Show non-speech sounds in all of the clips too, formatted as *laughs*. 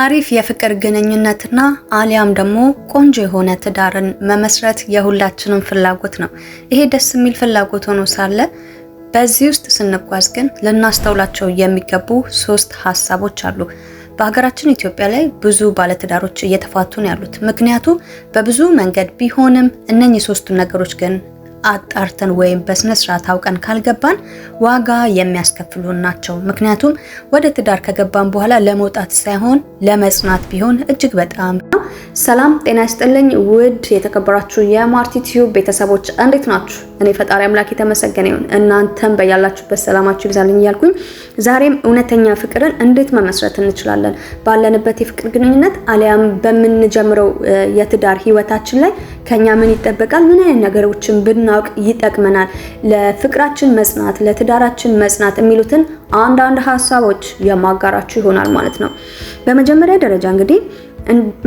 አሪፍ የፍቅር ግንኙነትና አሊያም ደግሞ ቆንጆ የሆነ ትዳርን መመስረት የሁላችንም ፍላጎት ነው። ይሄ ደስ የሚል ፍላጎት ሆኖ ሳለ በዚህ ውስጥ ስንጓዝ ግን ልናስተውላቸው የሚገቡ ሶስት ሀሳቦች አሉ። በሀገራችን ኢትዮጵያ ላይ ብዙ ባለትዳሮች እየተፋቱ ነው ያሉት። ምክንያቱ በብዙ መንገድ ቢሆንም እነኚህ ሶስቱ ነገሮች ግን አጣርተን ወይም በስነ ስርዓት አውቀን ካልገባን ዋጋ የሚያስከፍሉን ናቸው። ምክንያቱም ወደ ትዳር ከገባን በኋላ ለመውጣት ሳይሆን ለመጽናት ቢሆን እጅግ በጣም ሰላም ጤና ይስጥልኝ። ውድ የተከበራችሁ የማርቲ ቲዩብ ቤተሰቦች እንዴት ናችሁ? እኔ ፈጣሪ አምላክ የተመሰገነ ይሁን፣ እናንተም በያላችሁበት ሰላማችሁ ይብዛልኝ እያልኩኝ ዛሬም እውነተኛ ፍቅርን እንዴት መመስረት እንችላለን ባለንበት የፍቅር ግንኙነት አሊያም በምንጀምረው የትዳር ህይወታችን ላይ ከኛ ምን ይጠበቃል? ምን አይነት ነገሮችን ብን እንድናውቅ ይጠቅመናል። ለፍቅራችን መጽናት፣ ለትዳራችን መጽናት የሚሉትን አንዳንድ ሀሳቦች የማጋራችሁ ይሆናል ማለት ነው። በመጀመሪያ ደረጃ እንግዲህ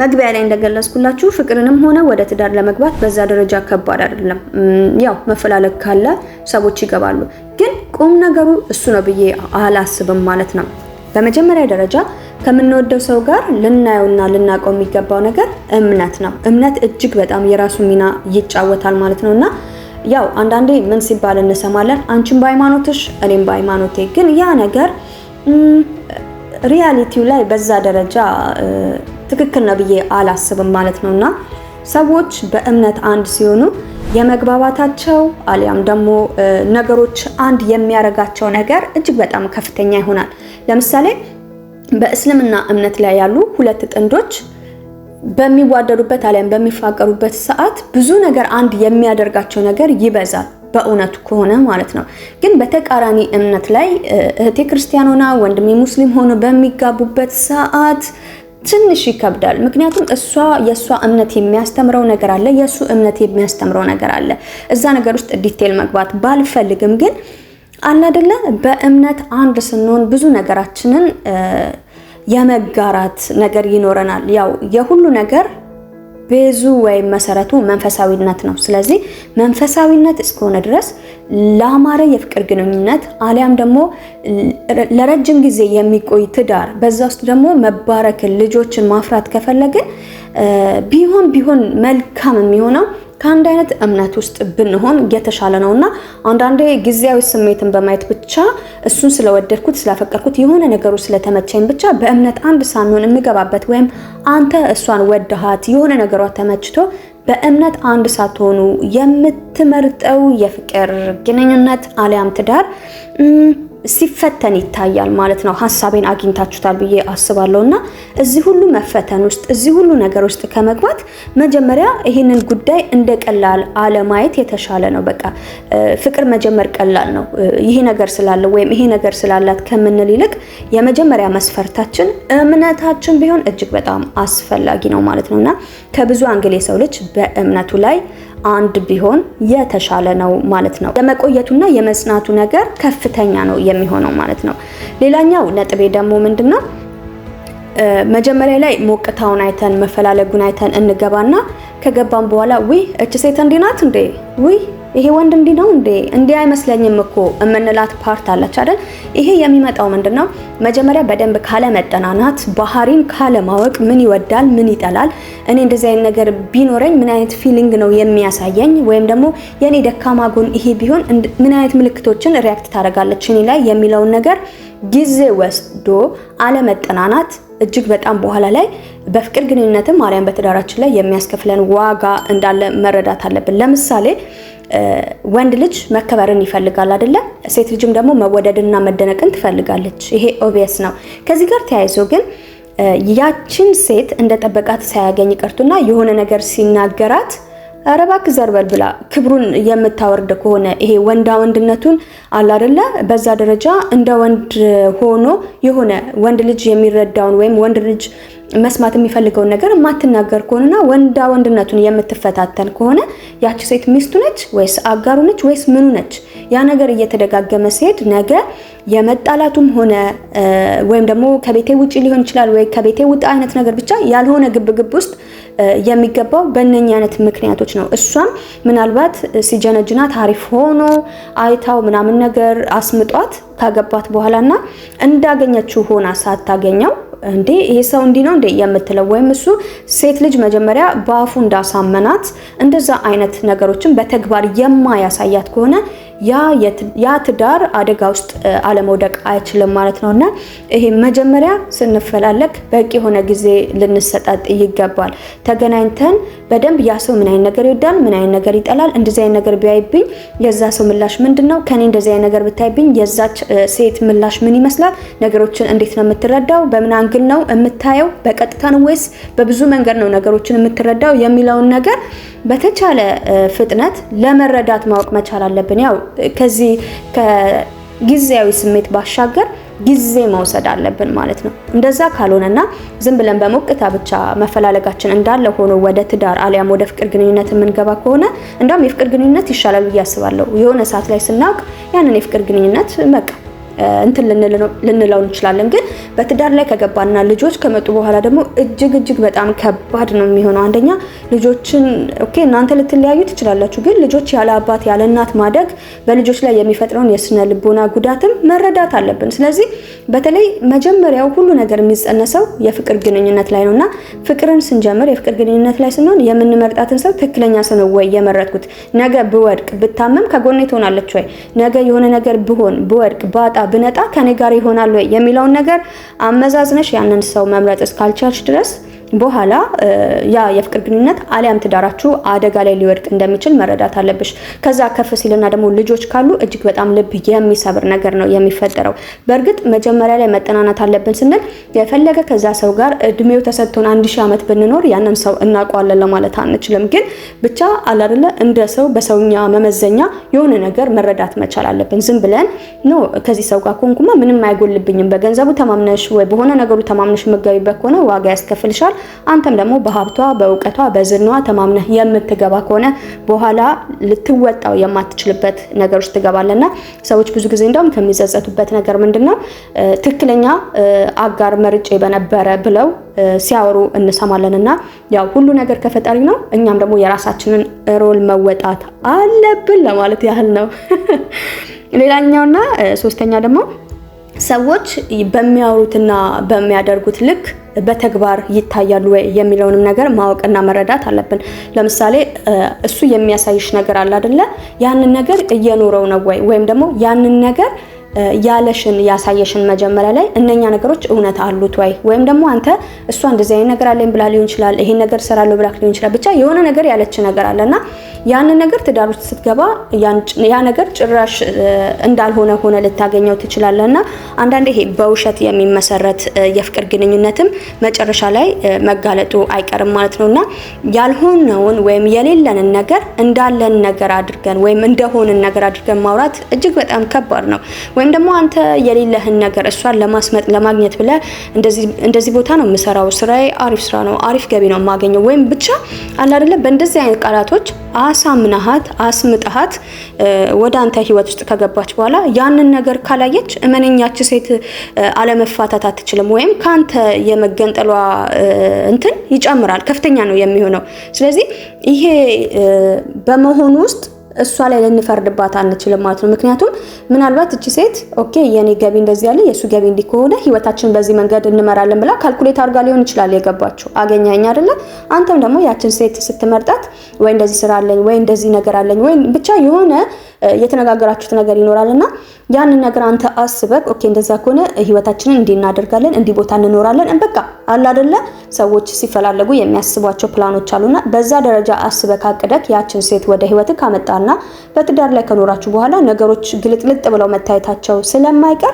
መግቢያ ላይ እንደገለጽኩላችሁ ፍቅርንም ሆነ ወደ ትዳር ለመግባት በዛ ደረጃ ከባድ አይደለም። ያው መፈላለግ ካለ ሰዎች ይገባሉ። ግን ቁም ነገሩ እሱ ነው ብዬ አላስብም ማለት ነው። በመጀመሪያ ደረጃ ከምንወደው ሰው ጋር ልናየውና ልናውቀው የሚገባው ነገር እምነት ነው። እምነት እጅግ በጣም የራሱ ሚና ይጫወታል ማለት ነው እና ያው አንዳንዴ ምን ሲባል እንሰማለን፣ አንቺም በሃይማኖትሽ እኔም በሃይማኖቴ። ግን ያ ነገር ሪያሊቲው ላይ በዛ ደረጃ ትክክል ነው ብዬ አላስብም ማለት ነው። እና ሰዎች በእምነት አንድ ሲሆኑ የመግባባታቸው አሊያም ደግሞ ነገሮች አንድ የሚያደርጋቸው ነገር እጅግ በጣም ከፍተኛ ይሆናል። ለምሳሌ በእስልምና እምነት ላይ ያሉ ሁለት ጥንዶች በሚዋደዱበት አሊያም በሚፋቀሩበት ሰዓት ብዙ ነገር አንድ የሚያደርጋቸው ነገር ይበዛል። በእውነቱ ከሆነ ማለት ነው። ግን በተቃራኒ እምነት ላይ እህቴ ክርስቲያን ሆና ወንድሜ ሙስሊም ሆኖ በሚጋቡበት ሰዓት ትንሽ ይከብዳል። ምክንያቱም እሷ የእሷ እምነት የሚያስተምረው ነገር አለ፣ የእሱ እምነት የሚያስተምረው ነገር አለ። እዛ ነገር ውስጥ ዲቴል መግባት ባልፈልግም ግን አለ አይደለ፣ በእምነት አንድ ስንሆን ብዙ ነገራችንን የመጋራት ነገር ይኖረናል። ያው የሁሉ ነገር ቤዙ ወይም መሰረቱ መንፈሳዊነት ነው። ስለዚህ መንፈሳዊነት እስከሆነ ድረስ ለአማረ የፍቅር ግንኙነት አሊያም ደግሞ ለረጅም ጊዜ የሚቆይ ትዳር፣ በዛ ውስጥ ደግሞ መባረክን ልጆችን ማፍራት ከፈለግን ቢሆን ቢሆን መልካም የሚሆነው ከአንድ አይነት እምነት ውስጥ ብንሆን የተሻለ ነው እና አንዳንዴ ጊዜያዊ ስሜትን በማየት ብቻ እሱን ስለወደድኩት ስላፈቀርኩት የሆነ ነገሩ ስለተመቸኝ ብቻ በእምነት አንድ ሳንሆን የምገባበት ወይም አንተ እሷን ወደሃት የሆነ ነገሯ ተመችቶ በእምነት አንድ ሳትሆኑ የምትመርጠው የፍቅር ግንኙነት አሊያም ትዳር ሲፈተን ይታያል ማለት ነው። ሀሳቤን አግኝታችሁታል ብዬ አስባለሁ። እና እዚህ ሁሉ መፈተን ውስጥ እዚህ ሁሉ ነገር ውስጥ ከመግባት መጀመሪያ ይህንን ጉዳይ እንደ ቀላል አለማየት የተሻለ ነው። በቃ ፍቅር መጀመር ቀላል ነው፣ ይሄ ነገር ስላለ ወይም ይሄ ነገር ስላላት ከምንል ይልቅ የመጀመሪያ መስፈርታችን እምነታችን ቢሆን እጅግ በጣም አስፈላጊ ነው ማለት ነው እና ከብዙ አንግል የሰው ልጅ በእምነቱ ላይ አንድ ቢሆን የተሻለ ነው ማለት ነው። የመቆየቱና የመጽናቱ ነገር ከፍተኛ ነው የሚሆነው ማለት ነው። ሌላኛው ነጥቤ ደግሞ ምንድነው መጀመሪያ ላይ ሞቅታውን አይተን መፈላለጉን አይተን እንገባና ከገባን በኋላ ውይ እች ሴት እንዲናት ናት እንዴ ውይ ይሄ ወንድ እንዲህ ነው እንዴ እንዲህ አይመስለኝም እኮ የምንላት ፓርት አለች አይደል? ይሄ የሚመጣው ምንድነው? መጀመሪያ በደንብ ካለ መጠናናት፣ ባህሪን ካለ ማወቅ፣ ምን ይወዳል፣ ምን ይጠላል፣ እኔ እንደዚህ አይነት ነገር ቢኖረኝ ምን አይነት ፊሊንግ ነው የሚያሳየኝ፣ ወይም ደግሞ የኔ ደካማ ጎን ይሄ ቢሆን ምን አይነት ምልክቶችን ሪያክት ታደርጋለች እኔ ላይ የሚለውን ነገር ጊዜ ወስዶ አለመጠናናት እጅግ በጣም በኋላ ላይ በፍቅር ግንኙነትም ማርያም በትዳራችን ላይ የሚያስከፍለን ዋጋ እንዳለ መረዳት አለብን። ለምሳሌ ወንድ ልጅ መከበርን ይፈልጋል አይደለ? ሴት ልጅም ደግሞ መወደድና መደነቅን ትፈልጋለች። ይሄ ኦቪየስ ነው። ከዚህ ጋር ተያይዞ ግን ያችን ሴት እንደ ጠበቃት ሳያገኝ ቀርቶና የሆነ ነገር ሲናገራት ኧረ እባክህ ዘርበል ብላ ክብሩን የምታወርድ ከሆነ ይሄ ወንዳ ወንድነቱን አለ አይደለ? በዛ ደረጃ እንደ ወንድ ሆኖ የሆነ ወንድ ልጅ የሚረዳውን ወይም ወንድ ልጅ መስማት የሚፈልገውን ነገር የማትናገር ከሆነና ወንዳ ወንድነቱን የምትፈታተን ከሆነ ያቺ ሴት ሚስቱ ነች ወይስ አጋሩ ነች ወይስ ምኑ ነች? ያ ነገር እየተደጋገመ ሲሄድ ነገ የመጣላቱም ሆነ ወይም ደግሞ ከቤቴ ውጪ ሊሆን ይችላል ወይ ከቤቴ ውጣ አይነት ነገር ብቻ ያልሆነ ግብግብ ውስጥ የሚገባው በእነኚህ አይነት ምክንያቶች ነው። እሷም ምናልባት ሲጀነጅናት አሪፍ ሆኖ አይታው ምናምን ነገር አስምጧት ካገባት በኋላና እንዳገኘችው ሆና ሳታገኘው እንዴ ይሄ ሰው እንዲህ ነው እንዴ የምትለው ወይም እሱ ሴት ልጅ መጀመሪያ በአፉ እንዳሳመናት እንደዛ አይነት ነገሮችን በተግባር የማያሳያት ከሆነ ያ ትዳር አደጋ ውስጥ አለመውደቅ አይችልም ማለት ነው። እና ይሄ መጀመሪያ ስንፈላለግ በቂ የሆነ ጊዜ ልንሰጣጥ ይገባል። ተገናኝተን በደንብ ያ ሰው ምን አይነት ነገር ይወዳል፣ ምን አይነት ነገር ይጠላል፣ እንደዚህ አይነት ነገር ቢያይብኝ የዛ ሰው ምላሽ ምንድን ነው? ከኔ እንደዚህ አይነት ነገር ብታይብኝ የዛች ሴት ምላሽ ምን ይመስላል? ነገሮችን እንዴት ነው የምትረዳው? በምን አንግል ነው የምታየው? በቀጥታ ነው ወይስ በብዙ መንገድ ነው ነገሮችን የምትረዳው የሚለውን ነገር በተቻለ ፍጥነት ለመረዳት ማወቅ መቻል አለብን። ያው ከዚህ ከጊዜያዊ ስሜት ባሻገር ጊዜ መውሰድ አለብን ማለት ነው። እንደዛ ካልሆነና ዝም ብለን በሞቅታ ብቻ መፈላለጋችን እንዳለ ሆኖ ወደ ትዳር አሊያም ወደ ፍቅር ግንኙነት የምንገባ ከሆነ እንደውም የፍቅር ግንኙነት ይሻላል ብዬ አስባለሁ። የሆነ ሰዓት ላይ ስናውቅ ያንን የፍቅር ግንኙነት በቃ እንትን ልንለው እንችላለን። ግን በትዳር ላይ ከገባና ልጆች ከመጡ በኋላ ደግሞ እጅግ እጅግ በጣም ከባድ ነው የሚሆነው። አንደኛ ልጆችን ኦኬ፣ እናንተ ልትለያዩ ትችላላችሁ። ግን ልጆች ያለ አባት ያለ እናት ማደግ በልጆች ላይ የሚፈጥረውን የስነ ልቦና ጉዳትም መረዳት አለብን። ስለዚህ በተለይ መጀመሪያው ሁሉ ነገር የሚጸነሰው የፍቅር ግንኙነት ላይ እና ፍቅርን ስንጀምር የፍቅር ግንኙነት ላይ ስንሆን የምንመርጣትን ሰው ትክክለኛ ሰው ነው ወይ የመረጥኩት፣ ነገ ብወድቅ ብታመም ከጎኔ ትሆናለች ወይ፣ ነገ የሆነ ነገር ብሆን ብወድቅ ባጣ ብነጣ ከኔ ጋር ይሆናል ወይ የሚለውን ነገር አመዛዝነሽ ያንን ሰው መምረጥ እስካልቻልሽ ድረስ በኋላ ያ የፍቅር ግንኙነት አሊያም ትዳራችሁ አደጋ ላይ ሊወድቅ እንደሚችል መረዳት አለብሽ። ከዛ ከፍ ሲልና ደግሞ ልጆች ካሉ እጅግ በጣም ልብ የሚሰብር ነገር ነው የሚፈጠረው። በእርግጥ መጀመሪያ ላይ መጠናናት አለብን ስንል የፈለገ ከዛ ሰው ጋር እድሜው ተሰጥቶን አንድ ሺህ ዓመት ብንኖር ያንን ሰው እናውቀዋለን ለማለት አንችልም። ግን ብቻ አላደለ እንደ ሰው በሰውኛ መመዘኛ የሆነ ነገር መረዳት መቻል አለብን። ዝም ብለን ኖ ከዚህ ሰው ጋር ኮንኩማ ምንም አይጎልብኝም፣ በገንዘቡ ተማምነሽ ወይ በሆነ ነገሩ ተማምነሽ መጋቢበት ከሆነ ዋጋ ያስከፍልሻል አንተም ደግሞ በሀብቷ በእውቀቷ በዝናዋ ተማምነህ የምትገባ ከሆነ በኋላ ልትወጣው የማትችልበት ነገር ውስጥ ትገባለና ሰዎች ብዙ ጊዜ እንደውም ከሚጸጸቱበት ነገር ምንድነው ትክክለኛ አጋር መርጬ በነበረ ብለው ሲያወሩ እንሰማለን። እና ያው ሁሉ ነገር ከፈጣሪ ነው። እኛም ደግሞ የራሳችንን ሮል መወጣት አለብን ለማለት ያህል ነው። *laughs* ሌላኛውና ሶስተኛ ደግሞ ሰዎች በሚያወሩትና በሚያደርጉት ልክ በተግባር ይታያሉ ወይ የሚለውንም ነገር ማወቅና መረዳት አለብን። ለምሳሌ እሱ የሚያሳይሽ ነገር አለ አይደለ? ያንን ነገር እየኖረው ነው ወይ ወይም ደግሞ ያንን ነገር ያለሽን ያሳየሽን መጀመሪያ ላይ እነኛ ነገሮች እውነት አሉት ወይ ወይም ደግሞ አንተ እሷ እንደዚህ አይነት ነገር አለኝ ብላ ሊሆን ይችላል፣ ይሄን ነገር እሰራለሁ ብላ ሊሆን ይችላል። ብቻ የሆነ ነገር ያለች ነገር አለና ያንን ነገር ትዳር ውስጥ ስትገባ ያ ነገር ጭራሽ እንዳልሆነ ሆነ ልታገኘው ትችላለህ። እና አንዳንድ ይሄ በውሸት የሚመሰረት የፍቅር ግንኙነትም መጨረሻ ላይ መጋለጡ አይቀርም ማለት ነው እና ያልሆነውን ወይም የሌለንን ነገር እንዳለን ነገር አድርገን ወይም እንደሆንን ነገር አድርገን ማውራት እጅግ በጣም ከባድ ነው። ወይም ደግሞ አንተ የሌለህን ነገር እሷን ለማስመጥ ለማግኘት ብለህ እንደዚህ ቦታ ነው የምሰራው፣ ስራዬ አሪፍ ስራ ነው፣ አሪፍ ገቢ ነው የማገኘው ወይም ብቻ አለ በእንደዚህ አይነት ቃላቶች አሳምናሃት አስምጠሃት ወደ አንተ ህይወት ውስጥ ከገባች በኋላ ያንን ነገር ካላየች እመነኛች ሴት አለመፋታት አትችልም፣ ወይም ከአንተ የመገንጠሏ እንትን ይጨምራል፣ ከፍተኛ ነው የሚሆነው። ስለዚህ ይሄ በመሆኑ ውስጥ እሷ ላይ ልንፈርድባት አንችልም ማለት ነው። ምክንያቱም ምናልባት እቺ ሴት ኦኬ የኔ ገቢ እንደዚህ ያለ የእሱ ገቢ እንዲህ ከሆነ ህይወታችን በዚህ መንገድ እንመራለን ብላ ካልኩሌት አድርጋ ሊሆን ይችላል የገባችው። አገኘኸኝ አይደለ? አንተም ደግሞ ያችን ሴት ስትመርጣት ወይ እንደዚህ ስራ አለኝ ወይ እንደዚህ ነገር አለኝ ወይ ብቻ የሆነ የተነጋገራችሁት ነገር ይኖራልና ያንን ነገር አንተ አስበህ ኦኬ እንደዛ ከሆነ ህይወታችንን እንዲህ እናደርጋለን እንዲህ ቦታ እንኖራለን በቃ አለ አይደለ? ሰዎች ሲፈላለጉ የሚያስቧቸው ፕላኖች አሉና በዛ ደረጃ አስበህ አቅደህ ያችን ሴት ወደ ህይወት ካመጣ እና በትዳር ላይ ከኖራችሁ በኋላ ነገሮች ግልጥልጥ ብለው መታየታቸው ስለማይቀር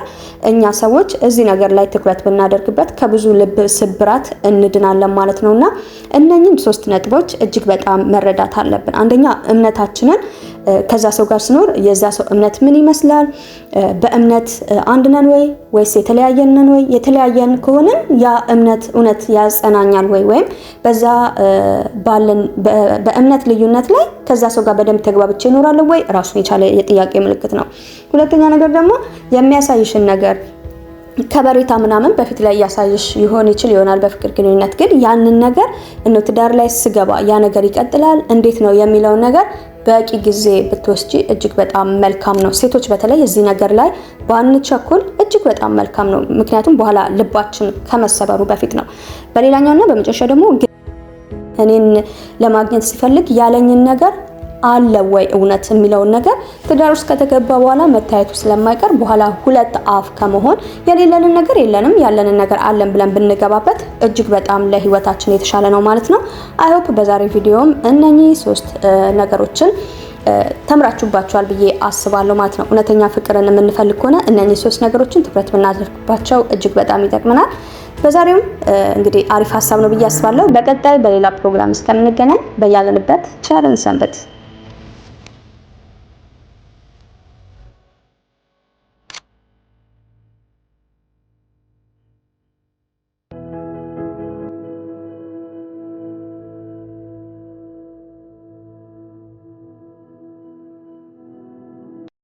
እኛ ሰዎች እዚህ ነገር ላይ ትኩረት ብናደርግበት ከብዙ ልብ ስብራት እንድናለን ማለት ነውና እና እነኚህን ሶስት ነጥቦች እጅግ በጣም መረዳት አለብን። አንደኛ እምነታችንን ከዛ ሰው ጋር ስኖር የዛ ሰው እምነት ምን ይመስላል? በእምነት አንድ ነን ወይ ወይስ የተለያየን ነን ወይ? የተለያየን ከሆንን ያ እምነት እውነት ያጸናኛል ወይ? ወይም በዛ ባለን በእምነት ልዩነት ላይ ከዛ ሰው ጋር በደንብ ተግባብቼ ይኖራለሁ ወይ? ራሱን የቻለ የጥያቄ ምልክት ነው። ሁለተኛ ነገር ደግሞ የሚያሳይሽን ነገር ከበሬታ ምናምን በፊት ላይ እያሳየሽ ይሆን ይችል ይሆናል። በፍቅር ግንኙነት ግን ያንን ነገር እነው ትዳር ላይ ስገባ ያ ነገር ይቀጥላል እንዴት ነው የሚለውን ነገር በቂ ጊዜ ብትወስጂ እጅግ በጣም መልካም ነው። ሴቶች በተለይ እዚህ ነገር ላይ ባንቸኩል እጅግ በጣም መልካም ነው። ምክንያቱም በኋላ ልባችን ከመሰበሩ በፊት ነው። በሌላኛውና በመጨረሻ ደግሞ እኔን ለማግኘት ሲፈልግ ያለኝን ነገር አለ ወይ እውነት የሚለውን ነገር ትዳር ውስጥ ከተገባ በኋላ መታየቱ ስለማይቀር በኋላ ሁለት አፍ ከመሆን የሌለንን ነገር የለንም ያለንን ነገር አለን ብለን ብንገባበት እጅግ በጣም ለህይወታችን የተሻለ ነው ማለት ነው። አይሆፕ በዛሬ ቪዲዮም እነኚህ ሶስት ነገሮችን ተምራችሁባቸዋል ብዬ አስባለሁ ማለት ነው። እውነተኛ ፍቅርን የምንፈልግ ከሆነ እነኚህ ሶስት ነገሮችን ትኩረት ብናደርግባቸው እጅግ በጣም ይጠቅመናል። በዛሬውም እንግዲህ አሪፍ ሀሳብ ነው ብዬ አስባለሁ። በቀጣይ በሌላ ፕሮግራም እስከምንገናኝ በያለንበት ቸርን ሰንበት።